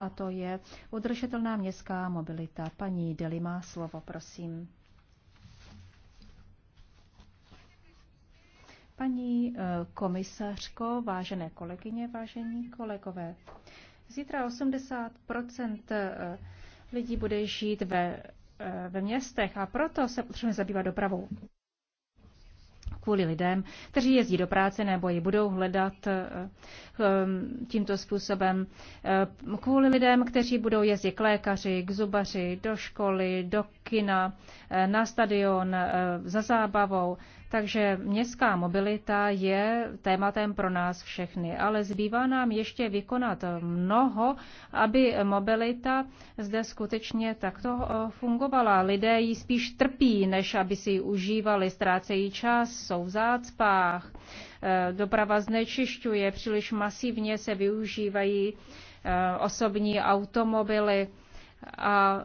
a to je udržitelná městská mobilita. Paní Deli má slovo, prosím. Paní eh, komisařko, vážené kolegyně, vážení kolegové, zítra 80 eh, lidí bude žít ve, eh, ve městech a proto se potřebujeme zabývat dopravou kvůli lidem, kteří jezdí do práce nebo ji budou hledat eh, ehm, tímto způsobem. Eh, kvůli lidem, kteří budou jezdit k lékaři, k zubaři, do školy, do kina, eh, na stadion, za zábavou. Takže městská mobilita je tématem pro nás všechny, ale zbývá nám ještě vykonat mnoho, aby mobilita zde skutečně takto eh, fungovala. Lidé ji spíš trpí, než aby si ji užívali, ztrácejí čas, jsou v zácpách, eh, doprava znečišťuje, příliš masivně se využívají eh, osobní automobily a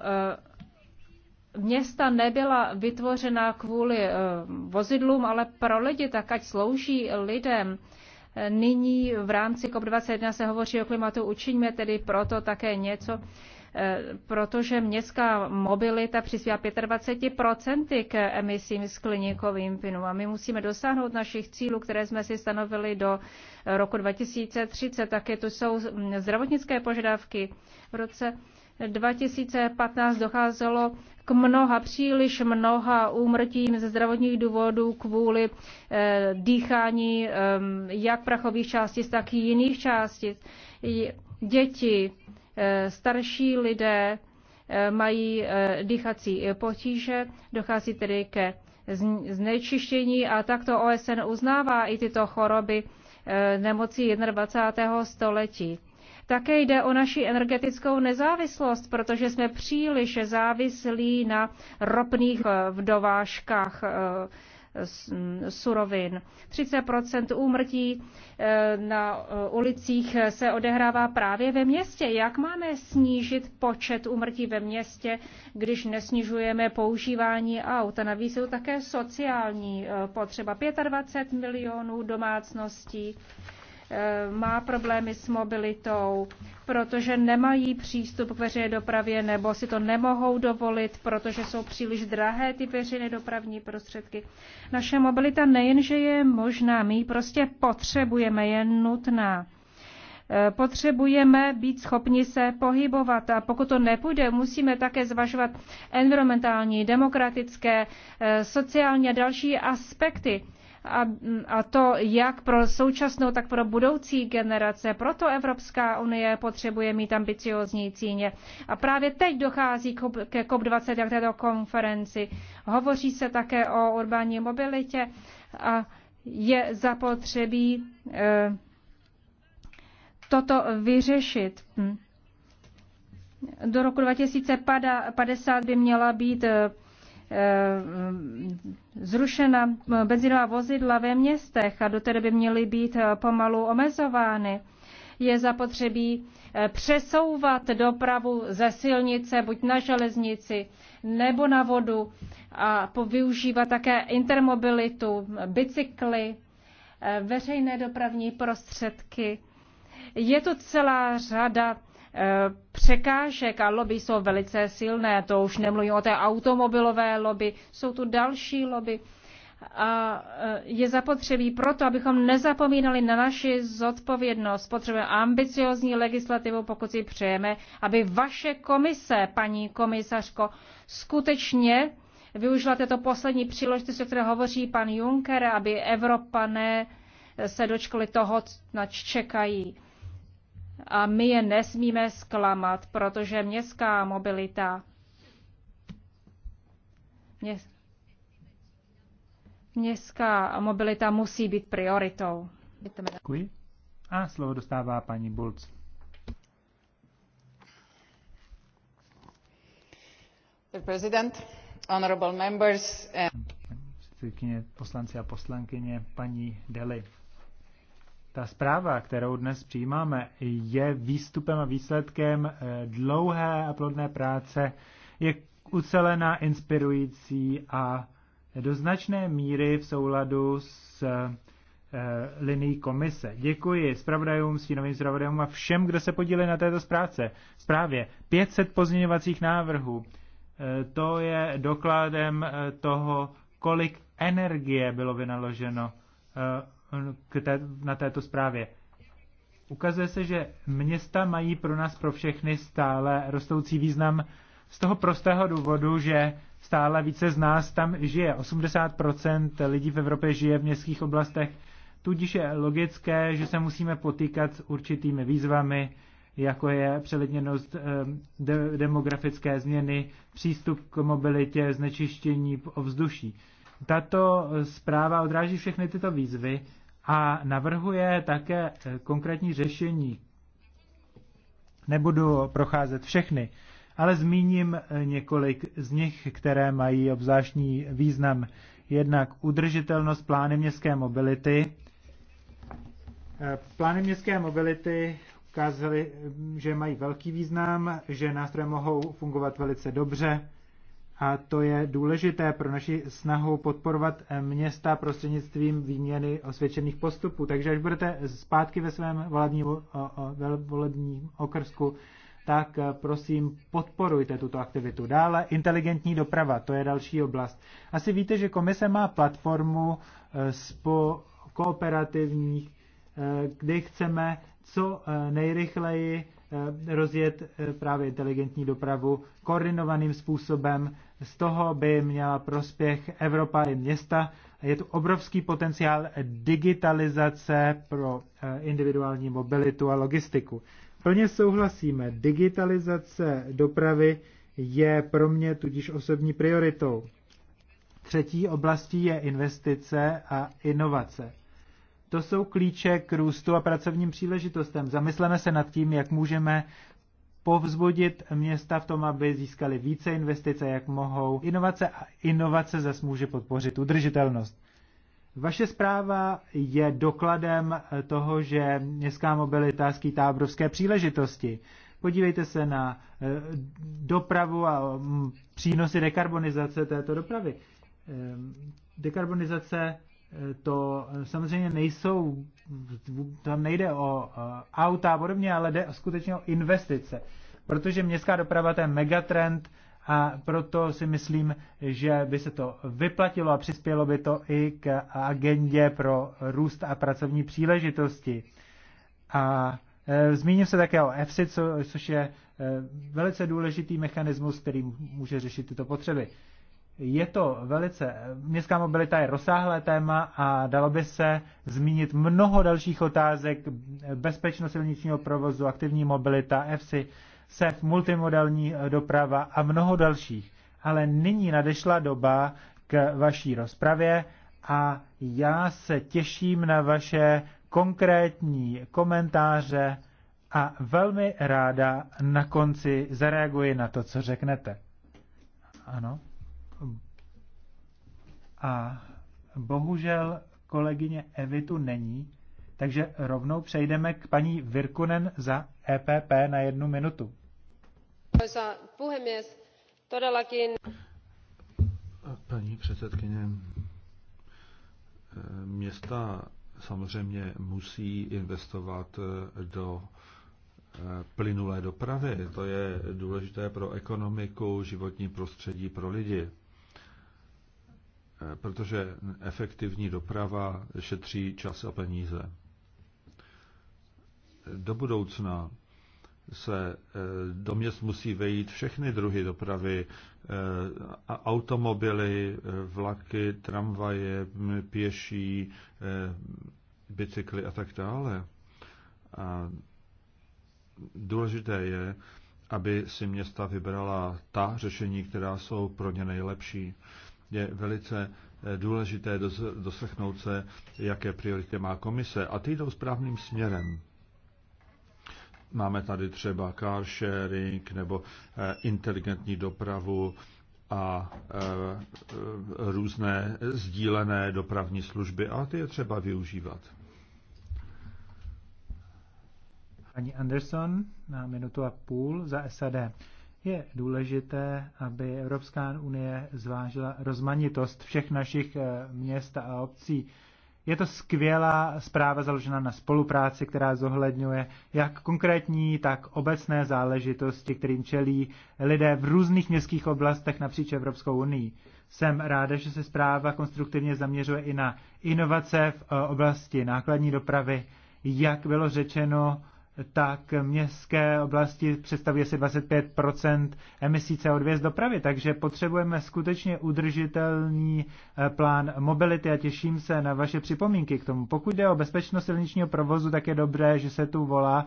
města nebyla vytvořena kvůli eh, vozidlům, ale pro lidi, tak ať slouží lidem. Nyní v rámci COP21 se hovoří o klimatu, učiňme tedy proto také něco, eh, protože městská mobilita přispívá 25% k emisím skliníkovým plynům a my musíme dosáhnout našich cílů, které jsme si stanovili do roku 2030. Také tu jsou hm, zdravotnické požadavky. V roce 2015 docházelo k mnoha, příliš mnoha úmrtím ze zdravotních důvodů kvůli eh, dýchání eh, jak prachových částic, tak i jiných částic. Děti, eh, starší lidé eh, mají eh, dýchací potíže, dochází tedy ke znečištění a takto OSN uznává i tyto choroby eh, nemocí 21. století. Také jde o naši energetickou nezávislost, protože jsme příliš závislí na ropných eh, dovážkách eh, surovin. 30 úmrtí eh, na ulicích se odehrává právě ve městě. Jak máme snížit počet úmrtí ve městě, když nesnižujeme používání aut? A navíc jsou také sociální potřeba. 25 milionů domácností Eh, má problémy s mobilitou, protože nemají přístup k veřejné dopravě nebo si to nemohou dovolit, protože jsou příliš drahé ty veřejné dopravní prostředky. Naše mobilita nejenže je možná, my ji prostě potřebujeme, je nutná. Eh, potřebujeme být schopni se pohybovat a pokud to nepůjde, musíme také zvažovat environmentální, demokratické, eh, sociální a další aspekty a, a to jak pro současnou, tak pro budoucí generace. Proto Evropská unie potřebuje mít ambiciozní cíně. A právě teď dochází ke COP20 a této konferenci. Hovoří se také o urbání mobilitě a je zapotřebí eh, toto vyřešit. Hm. Do roku 2050 by měla být eh, Eh, zrušena benzínová vozidla ve městech a do té doby měly být eh, pomalu omezovány. Je zapotřebí eh, přesouvat dopravu ze silnice buď na železnici nebo na vodu a využívat také intermobilitu, bicykly, veřejné dopravní prostředky. Je to celá řada překážek a lobby jsou velice silné. To už nemluvím o té automobilové lobby, jsou tu další lobby. A e, je zapotřebí proto, abychom nezapomínali na naši zodpovědnost. Potřebujeme ambiciozní legislativu, pokud si přejeme, aby vaše komise, paní komisařko, skutečně využila této poslední příležitosti, o které hovoří pan Juncker, aby Evropané se dočkali toho, na čekají a my je nesmíme zklamat, protože městská mobilita městská mobilita musí být prioritou. Děkuji. A slovo dostává paní Bulc. President, honorable members. Eh, and... poslanci a poslankyně, paní Deli ta zpráva, kterou dnes přijímáme, je výstupem a výsledkem eh, dlouhé a plodné práce, je ucelená, inspirující a do značné míry v souladu s eh, linií komise. Děkuji zpravodajům, stínovým zpravodajům a všem, kdo se podíleli na této zprávce. Zprávě 500 pozměňovacích návrhů. Eh, to je dokladem toho, kolik energie bylo vynaloženo Eh, k té, na této zprávě. Ukazuje se, že města mají pro nás, pro všechny stále rostoucí význam z toho prostého důvodu, že stále více z nás tam žije. 80% lidí v Evropě žije v městských oblastech, tudíž je logické, že se musíme potýkat s určitými výzvami, jako je přelidněnost eh, de- demografické změny, přístup k mobilitě, znečištění ovzduší. Tato eh, zpráva odráží všechny tyto výzvy a navrhuje také eh, konkrétní řešení. Nebudu procházet všechny, ale zmíním eh, několik z nich, které mají obzvláštní význam. Jednak udržitelnost plány městské mobility. Eh, plány městské mobility ukázaly, že mají velký význam, že nástroje mohou fungovat velice dobře a to je důležité pro naši snahu podporovat eh, města prostřednictvím výměny osvědčených postupů. Takže až budete zpátky ve svém volebním, volebním okrsku, tak eh, prosím podporujte tuto aktivitu. Dále inteligentní doprava, to je další oblast. Asi víte, že komise má platformu eh, spo kooperativních, kdy chceme co nejrychleji Eh, rozjet eh, právě inteligentní dopravu koordinovaným způsobem. Z toho by měla prospěch Evropa i města. Je tu obrovský potenciál digitalizace pro eh, individuální mobilitu a logistiku. Plně souhlasíme, digitalizace dopravy je pro mě tudíž osobní prioritou. Třetí oblastí je investice a inovace. To jsou klíče k růstu a pracovním příležitostem. Zamysleme se nad tím, jak můžeme povzbudit města v tom, aby získali více investice, jak mohou inovace a inovace zase může podpořit udržitelnost. Vaše zpráva je dokladem toho, že městská mobilita skýtá obrovské příležitosti. Podívejte se na eh, dopravu a mm, přínosy dekarbonizace této dopravy. Ehm, dekarbonizace to samozřejmě nejsou, tam nejde o auta a podobně, ale jde skutečně o investice. Protože městská doprava to je megatrend a proto si myslím, že by se to vyplatilo a přispělo by to i k agendě pro růst a pracovní příležitosti. A e, Zmíním se také o EFSI, co, což je e, velice důležitý mechanismus, který může řešit tyto potřeby je to velice, městská mobilita je rozsáhlé téma a dalo by se zmínit mnoho dalších otázek, bezpečnost silničního provozu, aktivní mobilita, EFSI, SEF, multimodální eh, doprava a mnoho dalších. Ale nyní nadešla doba k vaší rozpravě a já se těším na vaše konkrétní komentáře a velmi ráda na konci zareaguji na to, co řeknete. Ano. A bohužel kolegyně Evitu není, takže rovnou přejdeme k paní Virkunen za EPP na jednu minutu. Paní předsedkyně, města samozřejmě musí investovat do eh, plynulé dopravy. To je důležité pro ekonomiku, životní prostředí, pro lidi protože efektivní doprava šetří čas a peníze. Do budoucna se eh, do měst musí vejít všechny druhy dopravy, eh, automobily, eh, vlaky, tramvaje, pěší, bicykly a tak dále. A důležité je, aby si města vybrala ta řešení, která jsou pro ně nejlepší je velice eh, důležité doslechnout se, jaké priority má komise. A ty jdou správným směrem. Máme tady třeba car sharing nebo eh, inteligentní dopravu a eh, různé sdílené dopravní služby a ty je třeba využívat. Pani Anderson na minutu a půl za SAD. Je důležité, aby Evropská unie zvážila rozmanitost všech našich eh, měst a obcí. Je to skvělá zpráva založená na spolupráci, která zohledňuje jak konkrétní, tak obecné záležitosti, kterým čelí lidé v různých městských oblastech napříč Evropskou unii. Jsem ráda, že se zpráva konstruktivně zaměřuje i na inovace v eh, oblasti nákladní dopravy. Jak bylo řečeno, tak městské oblasti představuje asi 25 emisí CO2 z dopravy, takže potřebujeme skutečně udržitelný eh, plán mobility a těším se na vaše připomínky k tomu. Pokud jde o bezpečnost silničního provozu, tak je dobré, že se tu volá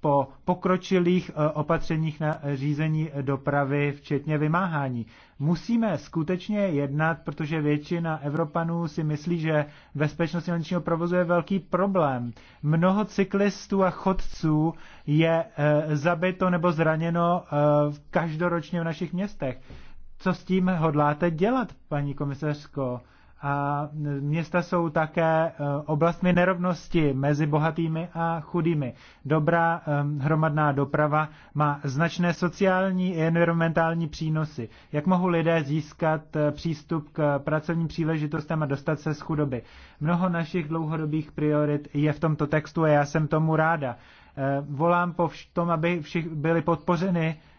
po pokročilých eh, opatřeních na řízení dopravy, včetně vymáhání. Musíme skutečně jednat, protože většina Evropanů si myslí, že bezpečnost silničního provozu je velký problém. Mnoho cyklistů a chodců je eh, zabito nebo zraněno eh, každoročně v našich městech. Co s tím hodláte dělat, paní komisařko? a města jsou také eh, oblastmi nerovnosti mezi bohatými a chudými. Dobrá eh, hromadná doprava má značné sociální i environmentální přínosy. Jak mohou lidé získat eh, přístup k pracovním příležitostem a dostat se z chudoby? Mnoho našich dlouhodobých priorit je v tomto textu a já jsem tomu ráda. Volám po tom, aby byly podpořeny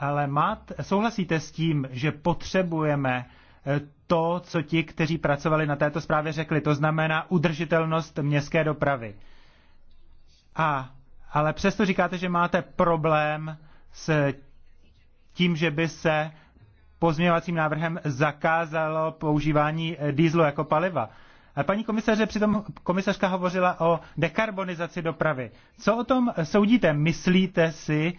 ale máte, souhlasíte s tím, že potřebujeme eh, to, co ti, kteří pracovali na této zprávě, řekli. To znamená udržitelnost městské dopravy. A, ale přesto říkáte, že máte problém s tím, že by se pozměňovacím návrhem zakázalo používání eh, dýzlu jako paliva. A paní komisaře, přitom komisařka hovořila o dekarbonizaci dopravy. Co o tom soudíte? Myslíte si,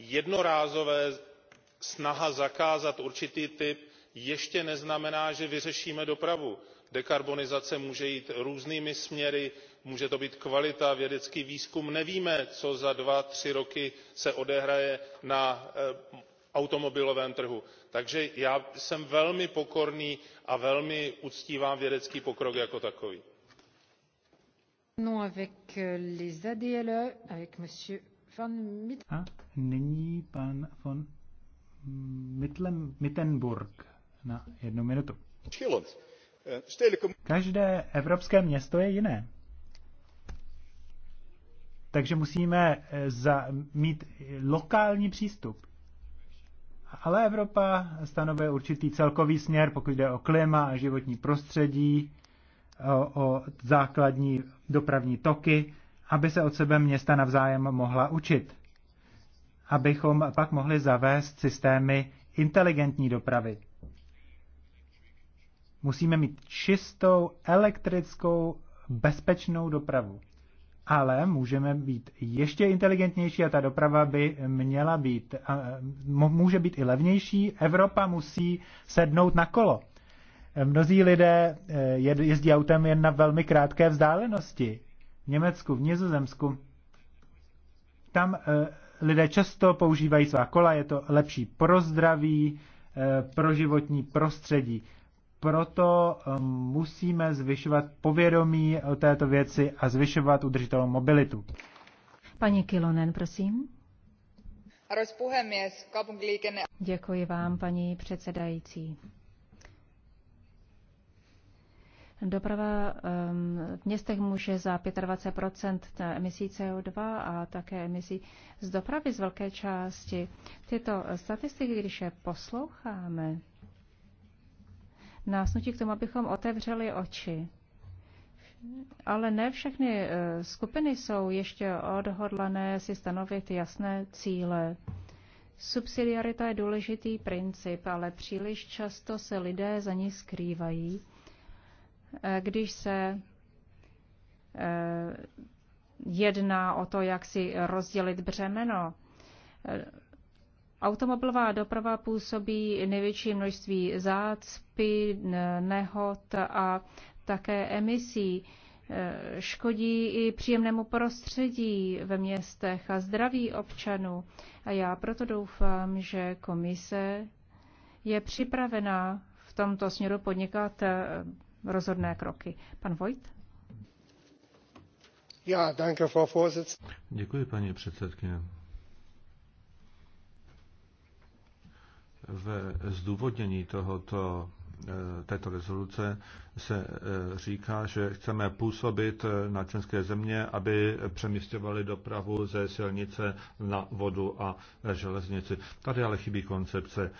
jednorázová snaha zakázat určitý typ ještě neznamená že vyřešíme dopravu. dekarbonizace může jít různými směry může to být kvalita vědecký výzkum nevíme co se za dva tři roky odehraje na eh, automobilovém trhu takže já jsem velmi pokorný a velmi uctívám vědecký pokrok jako takový. Euh, a nyní pan von Mitlem, Mittenburg na jednu minutu. Každé evropské město je jiné. Takže musíme e, za, mít lokální přístup. Ale Evropa stanovuje určitý celkový směr, pokud jde o klima a životní prostředí, o, o základní dopravní toky aby se od sebe města navzájem mohla učit. Abychom pak mohli zavést systémy inteligentní dopravy. Musíme mít čistou, elektrickou, bezpečnou dopravu. Ale můžeme být ještě inteligentnější a ta doprava by měla být, může být i levnější. Evropa musí sednout na kolo. Mnozí lidé eh, jezdí autem jen na velmi krátké vzdálenosti Německu, v Nizozemsku, tam eh, lidé často používají svá kola, je to lepší pro zdraví, eh, pro životní prostředí. Proto eh, musíme zvyšovat povědomí o této věci a zvyšovat udržitelnou mobilitu. Paní Kilonen, prosím. Děkuji vám, paní předsedající. Doprava v městech může za 25 emisí CO2 a také emisí z dopravy z velké části. Tyto statistiky, když je posloucháme, nás nutí k tomu, abychom otevřeli oči. Ale ne všechny eh, skupiny jsou ještě odhodlané si stanovit jasné cíle. Subsidiarita je důležitý princip, ale příliš často se lidé za ní skrývají Eh, když se eh, jedná o to, jak si rozdělit břemeno. Eh, automobilová doprava působí největší množství zácpy, nehod a také emisí. Škodí i příjemnému prostředí ve městech a zdraví občanů. A já proto doufám, že komise je připravená v tomto směru podnikat rozhodné kroky. Pan Vojt? Ja, danke, Frau Děkuji, paní předsedkyně. Ve zdůvodnění tohoto eh, této rezoluce se eh, říká, že chceme působit eh, na členské země, aby přemístěvali dopravu ze silnice na vodu a železnici. Tady ale chybí koncepce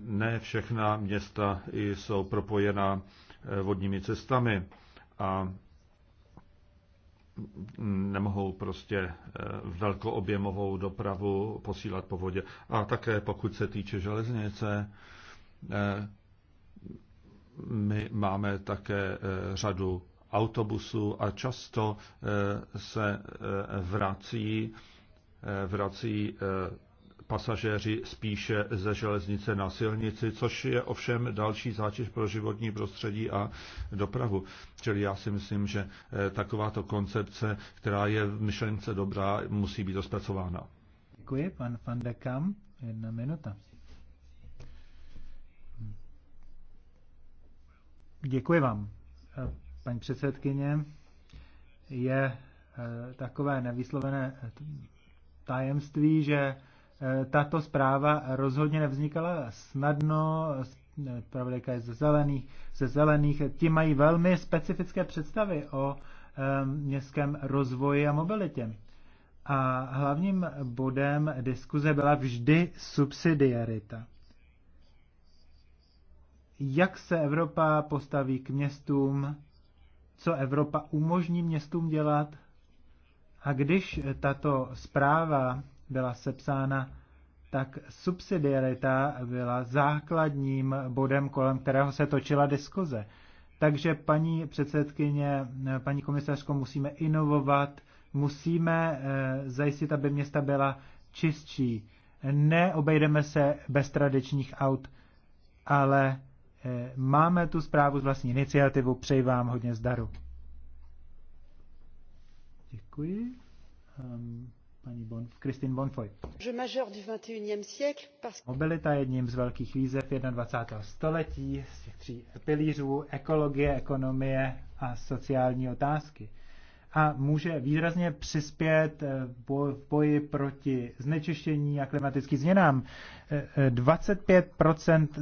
ne všechna města jsou propojena eh, vodními cestami a nemohou prostě eh, velkoobjemovou dopravu posílat po vodě. A také pokud se týče železnice, eh, my máme také řadu autobusů a často se vrací, vrací pasažéři spíše ze železnice na silnici, což je ovšem další zátěž pro životní prostředí a dopravu. Čili já si myslím, že eh, takováto koncepce, která je v myšlence dobrá, musí být rozpracována. Děkuji, pan Van de Kam. Jedna minuta. Děkuji vám, eh, paní předsedkyně. Je eh, takové nevyslovené tajemství, že Eh, tato zpráva rozhodně nevznikala snadno, eh, pravodajka je ze zelených, ze zelených, ti mají velmi specifické představy o eh, městském rozvoji a mobilitě. A hlavním bodem diskuze byla vždy subsidiarita. Jak se Evropa postaví k městům, co Evropa umožní městům dělat. A když tato zpráva byla sepsána, tak subsidiarita byla základním bodem, kolem kterého se točila diskuze. Takže paní předsedkyně, paní komisařko, musíme inovovat, musíme eh, zajistit, aby města byla čistší. Neobejdeme se bez tradičních aut, ale eh, máme tu zprávu z vlastní iniciativu. Přeji vám hodně zdaru. Děkuji. Um, paní Bonf, Christine Bonfoy. Mobilita je jedním z velkých výzev 21. století z těch tří pilířů ekologie, ekonomie a sociální otázky. A může výrazně přispět eh, v boji proti znečištění a klimatickým změnám. 25 eh, eh,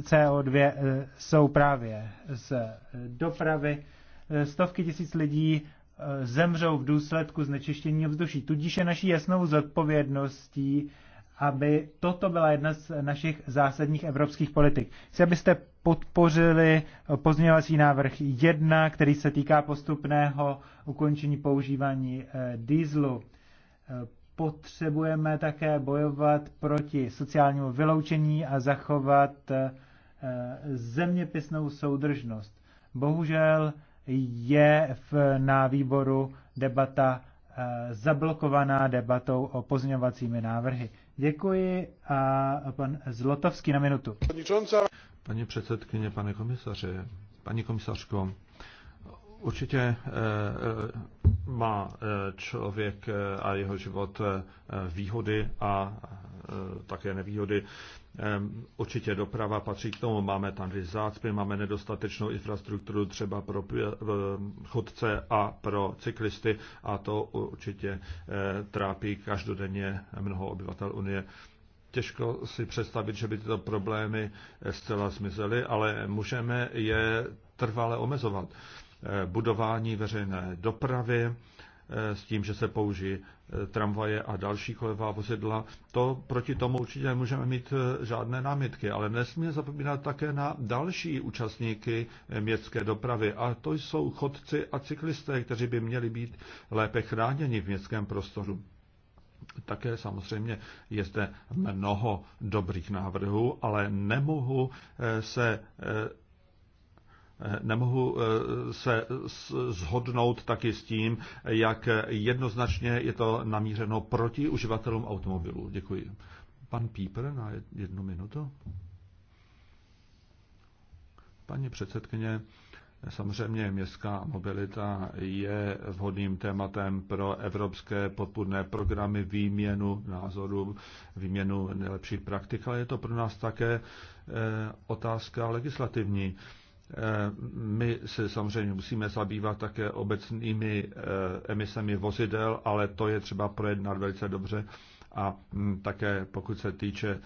CO2 jsou právě z dopravy. Stovky tisíc lidí Eh, zemřou v důsledku znečištění ovzduší. Tudíž je naší jasnou zodpovědností, aby toto byla jedna z našich zásadních evropských politik. Chci, abyste podpořili eh, pozměňovací návrh 1, který se týká postupného ukončení používání eh, dýzlu. Potřebujeme také bojovat proti sociálnímu vyloučení a zachovat zeměpisnou soudržnost. Bohužel je v, na výboru debata eh, zablokovaná debatou o pozměňovacími návrhy. Děkuji a pan Zlotovský na minutu. Paní předsedkyně, pane komisaře, paní komisařko, Určitě eh, eh, má eh, člověk a jeho život výhody a také nevýhody. Ehm, určitě doprava patří k tomu. Máme tam zácpy, máme nedostatečnou infrastrukturu třeba pro chodce a pro cyklisty a to určitě trápí každodenně mnoho obyvatel Unie těžko si představit, že by tyto problémy zcela zmizely, ale můžeme je trvale omezovat. Eh, budování veřejné dopravy, eh, s tím, že se použijí eh, tramvaje a další kolevá vozidla. To proti tomu určitě nemůžeme mít žádné námitky, ale nesmíme zapomínat také na další účastníky městské dopravy a to jsou chodci a cyklisté, kteří by měli být lépe chráněni v městském prostoru. Také samozřejmě je zde mnoho dobrých návrhů, ale nemohu se nemohu eh, se zhodnout taky s tím, jak jednoznačně je to namířeno proti uživatelům automobilů. Děkuji. Pan Píper na jednu minutu. Paní předsedkyně, samozřejmě městská mobilita je vhodným tématem pro evropské podpůrné programy, výměnu názorů, výměnu nejlepších praktik, ale je to pro nás také eh, otázka legislativní. Eh, my se samozřejmě musíme zabývat také obecnými eh, emisemi vozidel, ale to je třeba projednat velice dobře. A hm, také pokud se týče eh,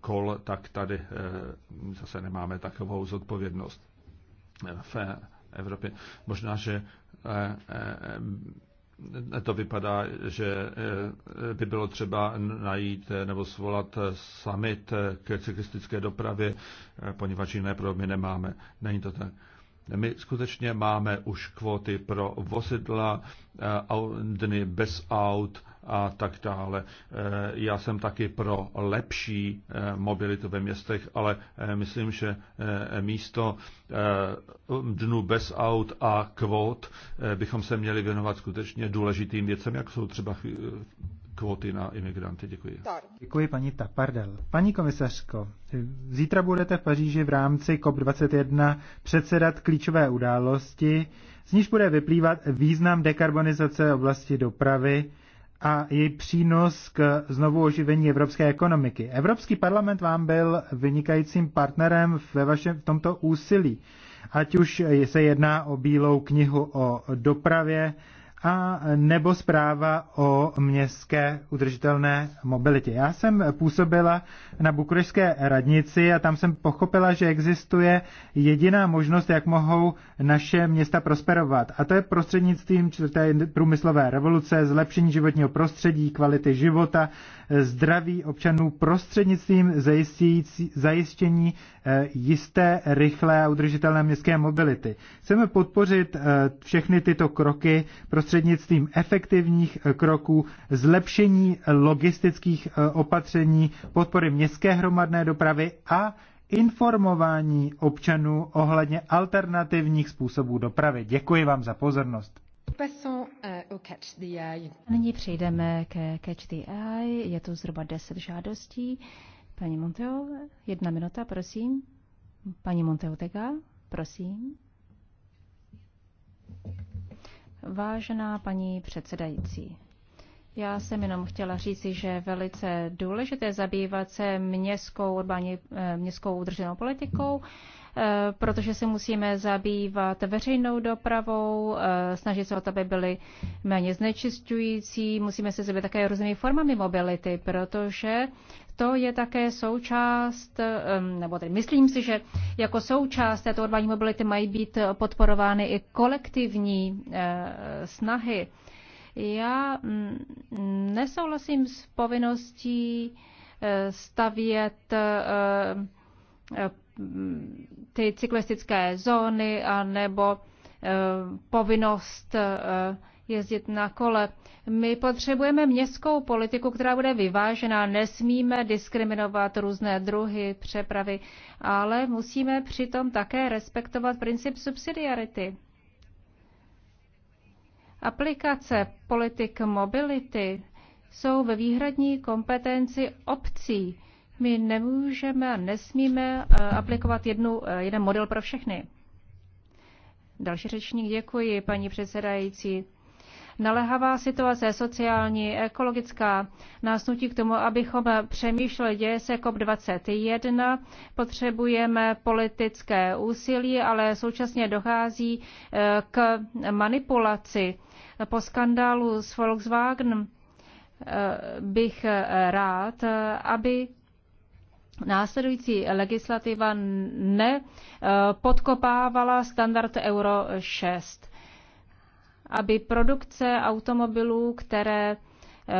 kol, tak tady zase nemáme takovou zodpovědnost v Evropě. Možná, že to vypadá, že eh, by bylo třeba najít eh, nebo svolat eh, summit k cyklistické dopravě, poněvadž jiné problémy nemáme. Není to tak. My skutečně máme už kvóty pro vozidla, eh, dny bez aut a tak dále. Eh, já jsem taky pro lepší eh, mobilitu ve městech, ale myslím, že místo dnu bez aut a kvót bychom se měli věnovat skutečně důležitým věcem, jak jsou třeba kvóty na imigranty. Děkuji. Děkuji paní Tapardel. Paní komisařko, zítra budete v Paříži v rámci COP21 předsedat klíčové události, z níž bude vyplývat význam dekarbonizace oblasti dopravy a její přínos k znovu oživení evropské ekonomiky. Evropský parlament vám byl vynikajícím partnerem ve vašem v tomto úsilí. Ať už se jedná o bílou knihu o dopravě, a nebo zpráva o městské udržitelné mobilitě. Já jsem působila na bukurešské radnici a tam jsem pochopila, že existuje jediná možnost, jak mohou naše města prosperovat. A to je prostřednictvím čtvrté průmyslové revoluce, zlepšení životního prostředí, kvality života, zdraví občanů prostřednictvím zajištění eh, jisté, rychlé a udržitelné městské mobility. Chceme podpořit eh, všechny tyto kroky prostřednictvím prostřednictvím efektivních eh, kroků, zlepšení eh, logistických eh, opatření, podpory městské hromadné dopravy a informování občanů ohledně alternativních způsobů dopravy. Děkuji vám za pozornost. Nyní přejdeme ke Catch the Eye. Je to zhruba 10 žádostí. Paní Monteo, jedna minuta, prosím. Paní Monteo Tega, prosím. Vážená paní předsedající, já jsem jenom chtěla říci, že je velice důležité zabývat se městskou, urbání, eh, městskou udrženou politikou, eh, protože se musíme zabývat veřejnou dopravou, eh, snažit se o to, aby byly méně znečistující, musíme se zabývat také různými formami mobility, protože to je také součást, nebo tedy myslím si, že jako součást této urbaní mobility mají být podporovány i kolektivní eh, snahy. Já mm, nesouhlasím s povinností eh, stavět eh, ty cyklistické zóny a nebo povinnost jezdit na kole. My potřebujeme městskou politiku, která bude vyvážená. Nesmíme diskriminovat různé druhy přepravy, ale musíme přitom také respektovat princip subsidiarity. Aplikace politik mobility jsou ve výhradní kompetenci obcí. My nemůžeme a nesmíme eh, aplikovat jednu, eh, jeden model pro všechny. Další řečník, děkuji, paní předsedající naléhavá situace sociální, ekologická nás nutí k tomu, abychom přemýšleli, děje se COP21, potřebujeme politické úsilí, ale současně dochází eh, k manipulaci. Po skandálu s Volkswagen eh, bych eh, rád, aby následující legislativa nepodkopávala standard Euro 6 aby produkce automobilů, které eh,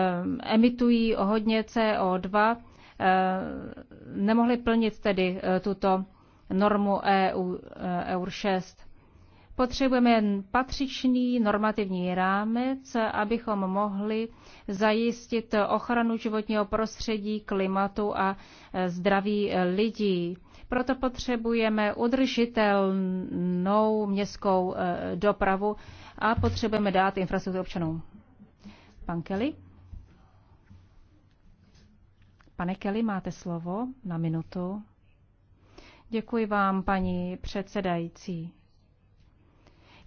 emitují o hodně CO2, eh, nemohly plnit tedy eh, tuto normu EU, EUR e 6. Potřebujeme jen patřičný normativní rámec, abychom mohli zajistit ochranu životního prostředí, klimatu a zdraví lidí. Proto potřebujeme udržitelnou městskou eh, dopravu a potřebujeme dát infrastrukturu občanům. Pan Kelly? Pane Kelly, máte slovo na minutu. Děkuji vám, paní předsedající.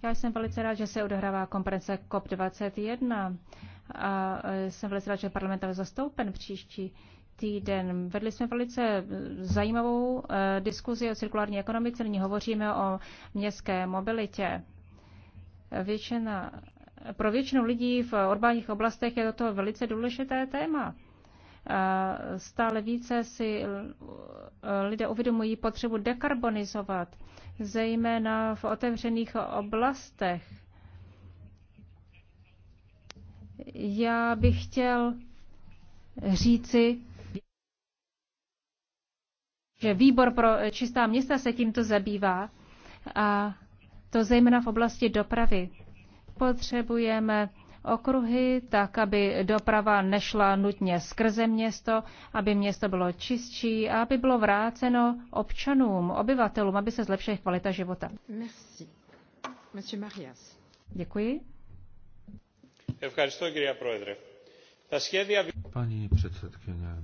Já jsem velice rád, že se odehrává konference COP21 a eh, jsem velice rád, že parlament je zastoupen příští týden. Vedli jsme velice eh, zajímavou eh, diskuzi o cirkulární ekonomice, nyní hovoříme o městské mobilitě. Většina, pro většinu lidí v urbánních oblastech je toto velice důležité téma. Eh, stále více si lidé uvědomují potřebu dekarbonizovat, zejména v otevřených oblastech. Já bych chtěl říci, že výbor pro eh, čistá města se tímto zabývá, a to zejména v oblasti dopravy. Potřebujeme okruhy, tak aby doprava nešla nutně skrze město, aby město bylo čistší a aby bylo vráceno občanům, obyvatelům, aby se zlepšila kvalita života. Merci. Monsieur Marias. Děkuji. Paní předsedkyně,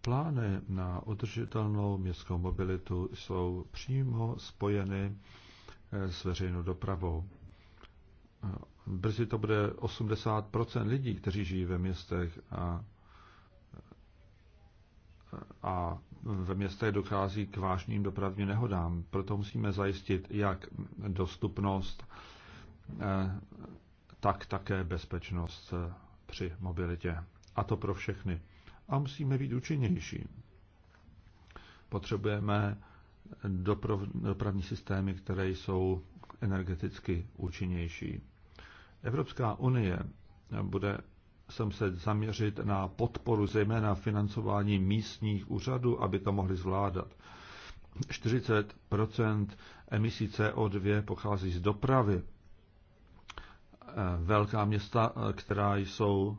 Plány na udržitelnou městskou mobilitu jsou přímo spojeny eh, s veřejnou dopravou. Brzy to bude 80 lidí, kteří žijí ve městech a, a ve městech dochází k vážným dopravním nehodám. Proto musíme zajistit jak dostupnost, eh, tak také bezpečnost eh, při mobilitě. A to pro všechny a musíme být účinnější. Potřebujeme dopravní systémy, které jsou energeticky účinnější. Evropská unie bude se muset zaměřit na podporu zejména financování místních úřadů, aby to mohli zvládat. 40 emisí CO2 pochází z dopravy. Eh, velká města, eh, která jsou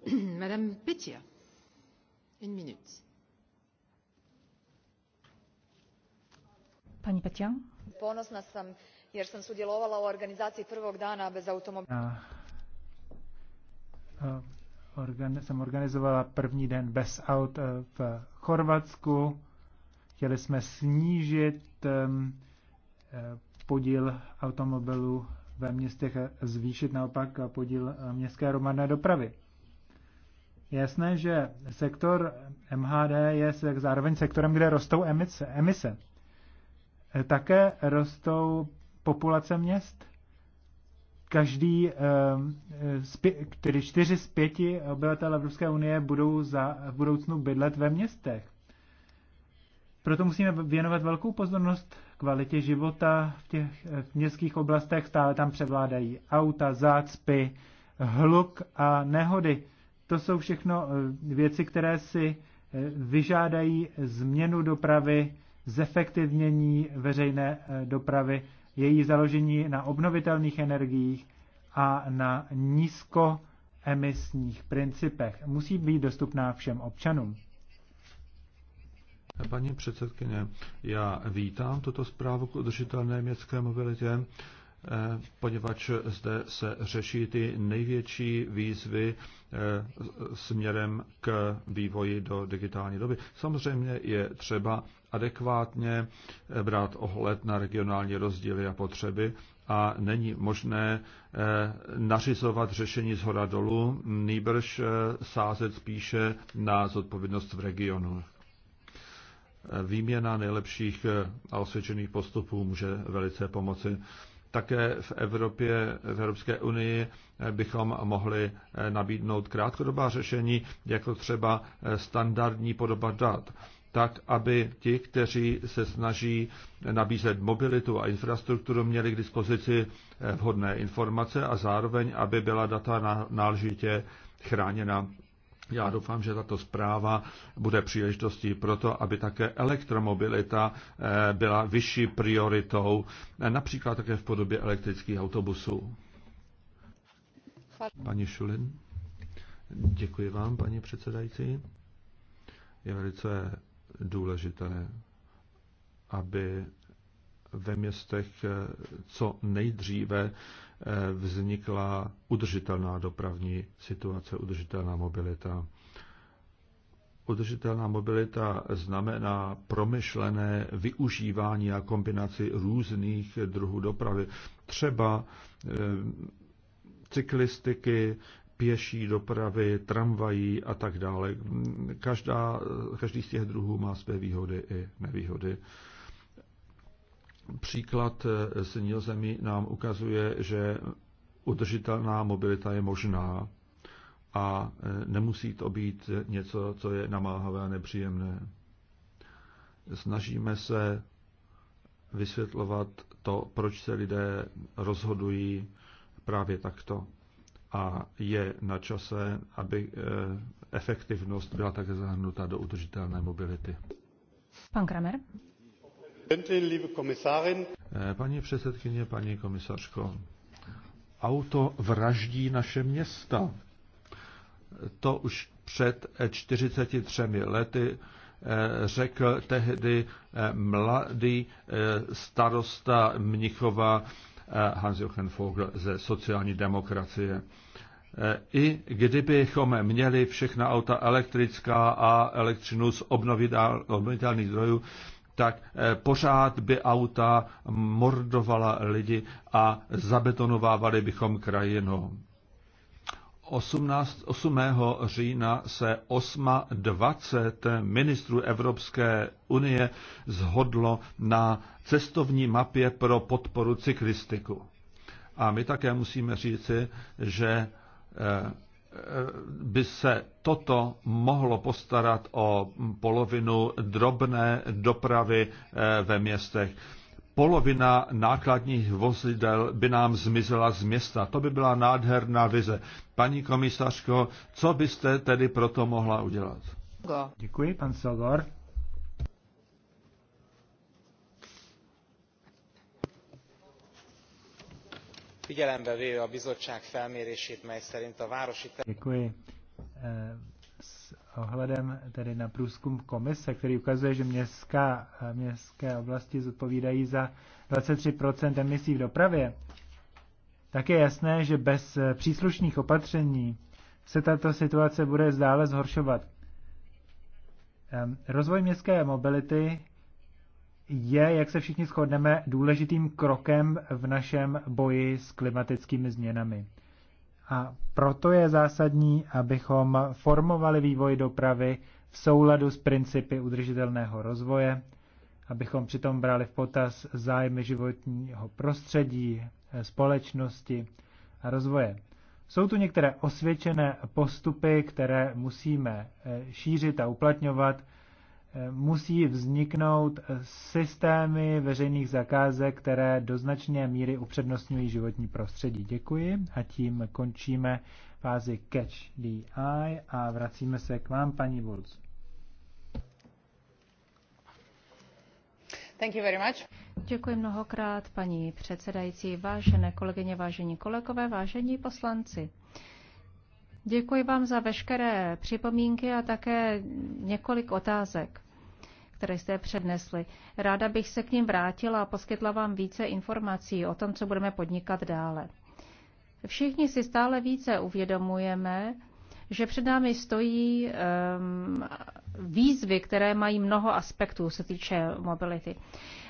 Pani Petir, Paní Ponosna sam jer sam sudjelovala u organizaciji prvog dana bez automobila. E, Organi sam organizovala první den bez aut e, v Chorvatsku. Chtěli jsme snížit um, podíl automobilů ve městech a zvýšit naopak podíl městské hromadné dopravy jasné, že sektor MHD je zároveň sektorem, kde rostou emise. emise. E, také rostou populace měst. Každý, e, e, tedy čtyři z pěti obyvatel Evropské unie budou za, v budoucnu bydlet ve městech. Proto musíme věnovat velkou pozornost kvalitě života v těch v městských oblastech. Stále tam převládají auta, zácpy, hluk a nehody. To jsou všechno eh, věci, které si eh, vyžádají změnu dopravy, zefektivnění veřejné eh, dopravy, její založení na obnovitelných energiích a na nízkoemisních principech. Musí být dostupná všem občanům. Paní předsedkyně, já vítám tuto zprávu k udržitelné městské mobilitě Eh, poněvadž zde se řeší ty největší výzvy eh, směrem k vývoji do digitální doby. Samozřejmě je třeba adekvátně eh, brát ohled na regionální rozdíly a potřeby a není možné nařizovat řešení z hora dolů, nýbrž sázet spíše na zodpovědnost v regionu. Výměna nejlepších a osvědčených postupů může velice pomoci. Také v Evropě, v Evropské unii bychom mohli eh, nabídnout krátkodobá řešení, jako třeba eh, standardní podoba dat tak, aby ti, kteří se snaží nabízet mobilitu a infrastrukturu, měli k dispozici eh, vhodné informace a zároveň, aby byla data náležitě chráněna já doufám, že tato zpráva bude příležitostí pro to, aby také elektromobilita eh, byla vyšší prioritou, eh, například také v podobě elektrických autobusů. Pani Šulin, děkuji vám, paní předsedající. Je velice důležité, aby ve městech eh, co nejdříve vznikla udržitelná dopravní situace, udržitelná mobilita. Udržitelná mobilita znamená promyšlené využívání a kombinaci různých druhů dopravy. Třeba eh, cyklistiky, pěší dopravy, tramvají a tak dále. Každá, každý z těch druhů má své výhody i nevýhody. Příklad s eh, Nizozemí nám ukazuje, že udržitelná mobilita je možná a eh, nemusí to být něco, co je namáhavé a nepříjemné. Snažíme se vysvětlovat to, proč se lidé rozhodují právě takto. A je na čase, aby eh, efektivnost byla také zahrnuta do udržitelné mobility. Pan Kramer. Eh, paní předsedkyně, paní komisařko, auto vraždí naše města. To už před 43 eh, lety eh, řekl tehdy mladý starosta Mnichova Hans-Jochen Vogel ze sociální demokracie. I kdybychom měli všechna auta elektrická a elektřinu z obnovitelných zdrojů, tak eh, pořád by auta mordovala lidi a zabetonovávali bychom krajinu. 18, 8. října se 8.20 ministrů Evropské unie zhodlo na cestovní mapě pro podporu cyklistiku. A my také musíme říci, že eh, by se toto mohlo postarat o polovinu drobné dopravy eh, ve městech. Polovina nákladních vozidel by nám zmizela z města. To by byla nádherná vize. Paní komisařko, co byste tedy proto mohla udělat? Děkuji, pan Salvar. figyelembe véve a bizottság felmérését, mely szerint a városi... Eh, ohledem tedy na průzkum komise, který ukazuje, že městská, eh, městské oblasti zodpovídají za 23% emisí v dopravě, tak je jasné, že bez eh, příslušných opatření se tato situace bude dále zhoršovat. Rozvoj městské mobility je, jak se všichni shodneme, důležitým krokem v našem boji s klimatickými změnami. A proto je zásadní, abychom formovali vývoj dopravy v souladu s principy udržitelného rozvoje, abychom přitom brali v potaz zájmy životního prostředí, společnosti a rozvoje. Jsou tu některé osvědčené postupy, které musíme eh, šířit a uplatňovat, musí vzniknout systémy veřejných zakázek, které do značné míry upřednostňují životní prostředí. Děkuji a tím končíme fázi Catch the Eye a vracíme se k vám, paní Bulc. Thank you very much. Děkuji mnohokrát, paní předsedající, vážené kolegyně, vážení kolegové, vážení poslanci. Děkuji vám za veškeré připomínky a také několik otázek, které jste přednesli. Ráda bych se k ním vrátila a poskytla vám více informací o tom, co budeme podnikat dále. Všichni si stále více uvědomujeme, že před námi stojí um, výzvy, které mají mnoho aspektů, se týče mobility.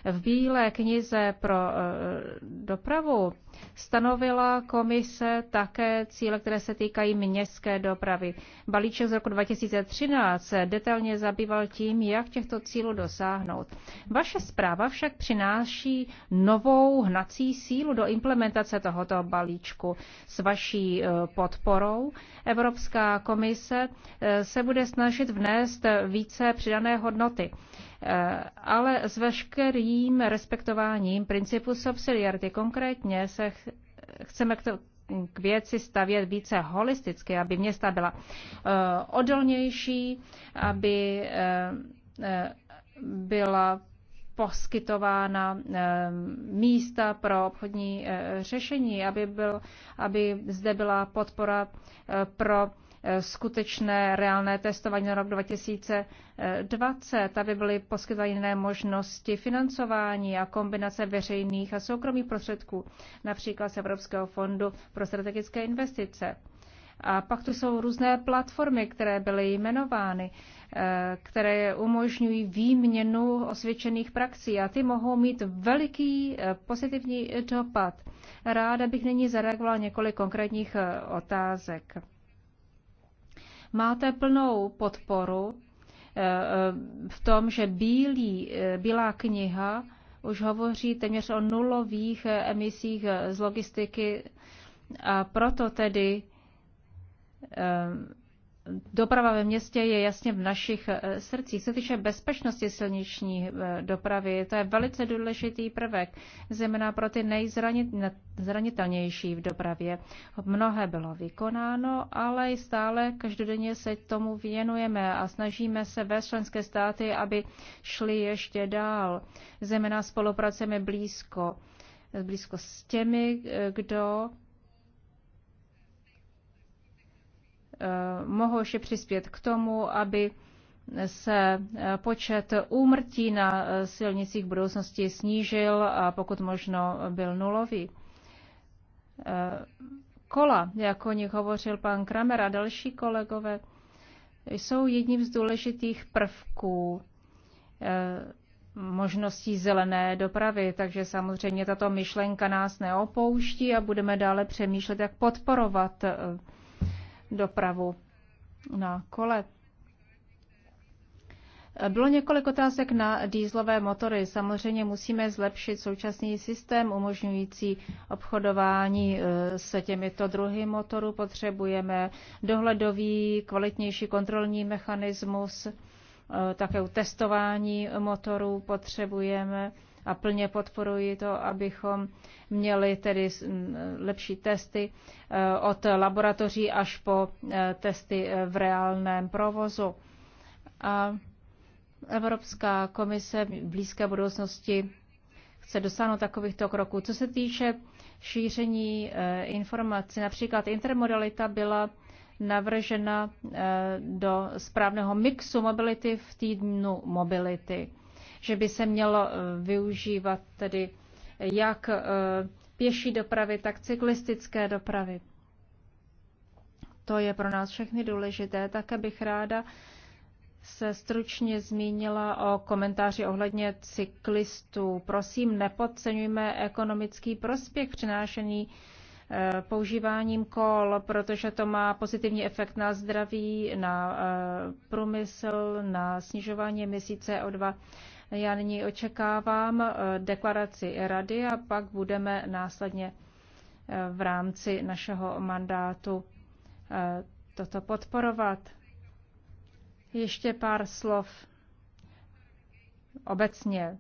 V Bílé knize pro uh, dopravu Stanovila komise také cíle, které se týkají městské dopravy. Balíček z roku 2013 se detailně zabýval tím, jak těchto cílů dosáhnout. Vaše zpráva však přináší novou hnací sílu do implementace tohoto balíčku. S vaší eh, podporou Evropská komise eh, se bude snažit vnést více přidané hodnoty. Eh, ale s veškerým respektováním principu subsidiarity. Konkrétně se ch chceme k, to, k věci stavět více holisticky, aby města byla eh, odolnější, aby eh, byla poskytována místa pro obchodní řešení, aby, byl, aby zde byla podpora pro Eh, skutečné reálné testování na rok 2020, aby byly poskytovány jiné možnosti financování a kombinace veřejných a soukromých prostředků, například z Evropského fondu pro strategické investice. A pak tu jsou různé platformy, které byly jmenovány, eh, které umožňují výměnu osvědčených praxí a ty mohou mít veliký eh, pozitivní dopad. Ráda bych nyní zareagovala několik konkrétních otázek. Máte plnou podporu eh, eh, v tom, že bílý, eh, bílá kniha už hovoří téměř o nulových emisích z logistiky a proto tedy doprava ve městě je jasně v našich eh, srdcích. Co týče bezpečnosti silniční eh, dopravy, to je velice důležitý prvek, zejména pro ty nejzranitelnější v dopravě. Mnohé bylo vykonáno, ale i stále každodenně se tomu věnujeme a snažíme se ve členské státy, aby šli ještě dál. Zejména spolupracujeme blízko, blízko s těmi, eh, kdo Eh, mohou ještě přispět k tomu, aby se eh, počet úmrtí na eh, silnicích v budoucnosti snížil a pokud možno byl nulový. Kola, jak o nich hovořil pan Kramer a další kolegové, jsou jedním z důležitých prvků možností zelené dopravy, takže samozřejmě tato myšlenka nás neopouští a budeme dále přemýšlet, jak podporovat dopravu na kole. Bylo několik otázek na dýzlové motory. Samozřejmě musíme zlepšit současný systém umožňující obchodování e, se těmito druhy motorů. Potřebujeme dohledový, kvalitnější kontrolní mechanismus, e, také u testování motorů potřebujeme a plně podporuji to, abychom měli tedy lepší testy eh, od laboratoří až po eh, testy eh, v reálném provozu. A Evropská komise v blízké budoucnosti chce dosáhnout takovýchto kroků. Co se týče šíření informací, například intermodalita byla navržena do správného mixu mobility v týdnu mobility že by se mělo eh, využívat tedy jak eh, pěší dopravy, tak cyklistické dopravy. To je pro nás všechny důležité. Také bych ráda se stručně zmínila o komentáři ohledně cyklistů. Prosím, nepodceňujme ekonomický prospěch přinášený eh, používáním kol, protože to má pozitivní efekt na zdraví, na průmysl, na snižování emisí CO2 já nyní očekávám eh, deklaraci rady a pak budeme následně eh, v rámci našeho mandátu eh, toto podporovat. Ještě pár slov obecně.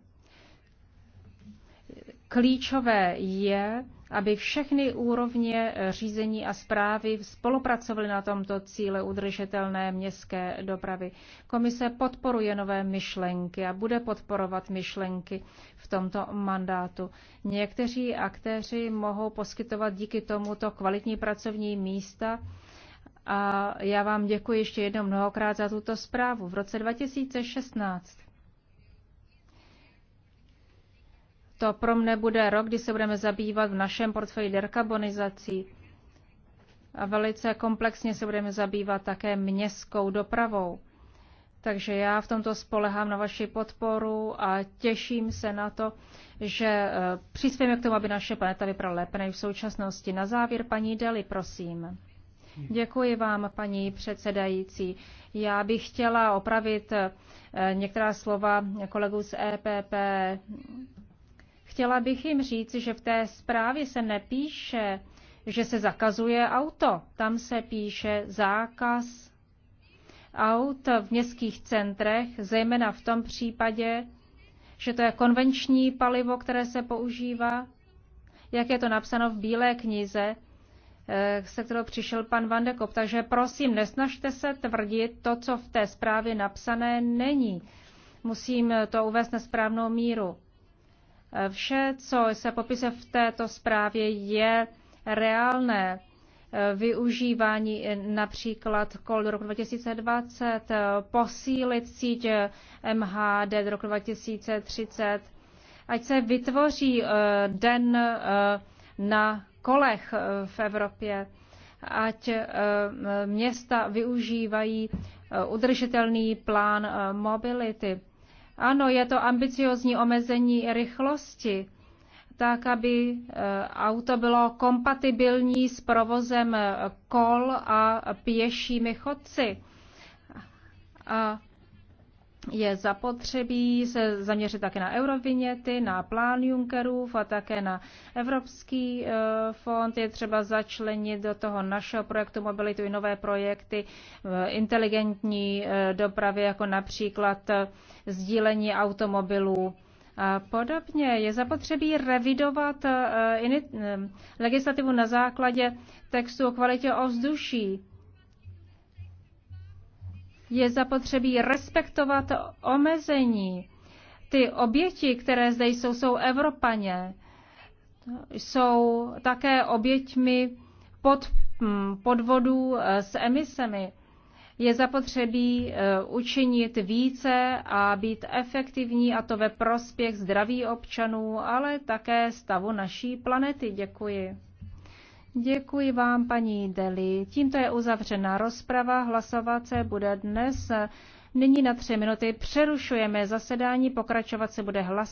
Klíčové je, aby všechny úrovně eh, řízení a zprávy spolupracovaly na tomto cíle udržitelné městské dopravy. Komise podporuje nové myšlenky a bude podporovat myšlenky v tomto mandátu. Někteří aktéři mohou poskytovat díky tomuto kvalitní pracovní místa, a já vám děkuji ještě jednou mnohokrát za tuto zprávu. V roce 2016 to pro mne bude rok, kdy se budeme zabývat v našem portfeji dekarbonizací a velice komplexně se budeme zabývat také městskou dopravou. Takže já v tomto spolehám na vaši podporu a těším se na to, že e, přispějeme k tomu, aby naše planeta vypadala lépe než v současnosti. Na závěr paní Deli, prosím. Děkuji vám, paní předsedající. Já bych chtěla opravit e, některá slova kolegů z EPP chtěla bych jim říct, že v té zprávě se nepíše, že se zakazuje auto. Tam se píše zákaz aut v městských centrech, zejména v tom případě, že to je konvenční palivo, které se používá, jak je to napsáno v Bílé knize, eh, se kterou přišel pan Van de Kop. Takže prosím, nesnažte se tvrdit to, co v té zprávě napsané není. Musím to uvést na správnou míru. Vše, co se popise v této zprávě, je reálné využívání například kol do roku 2020, posílit síť MHD do roku 2030, ať se vytvoří eh, den eh, na kolech eh, v Evropě, ať města využívají udržitelný plán mobility. Ano, je to ambiciozní omezení rychlosti, tak aby e, auto bylo kompatibilní s provozem e, kol a pěšími chodci. A je zapotřebí se zaměřit také na euroviněty, na plán Junckerův a také na Evropský eh, fond. Je třeba začlenit do toho našeho projektu mobilitu i nové projekty eh, inteligentní eh, dopravy, jako například sdílení automobilů. A podobně je zapotřebí revidovat legislativu na základě textu o kvalitě ovzduší je zapotřebí respektovat omezení. Ty oběti, které zde jsou, jsou Evropaně. Jsou také oběťmi pod, hm, podvodů eh, s emisemi. Je zapotřebí eh, učinit více a být efektivní, a to ve prospěch zdraví občanů, ale také stavu naší planety. Děkuji. Děkuji vám, paní Deli. Tímto je uzavřena rozprava. Hlasovat se bude dnes. Nyní na tři minuty přerušujeme zasedání. Pokračovat se bude hlasovat.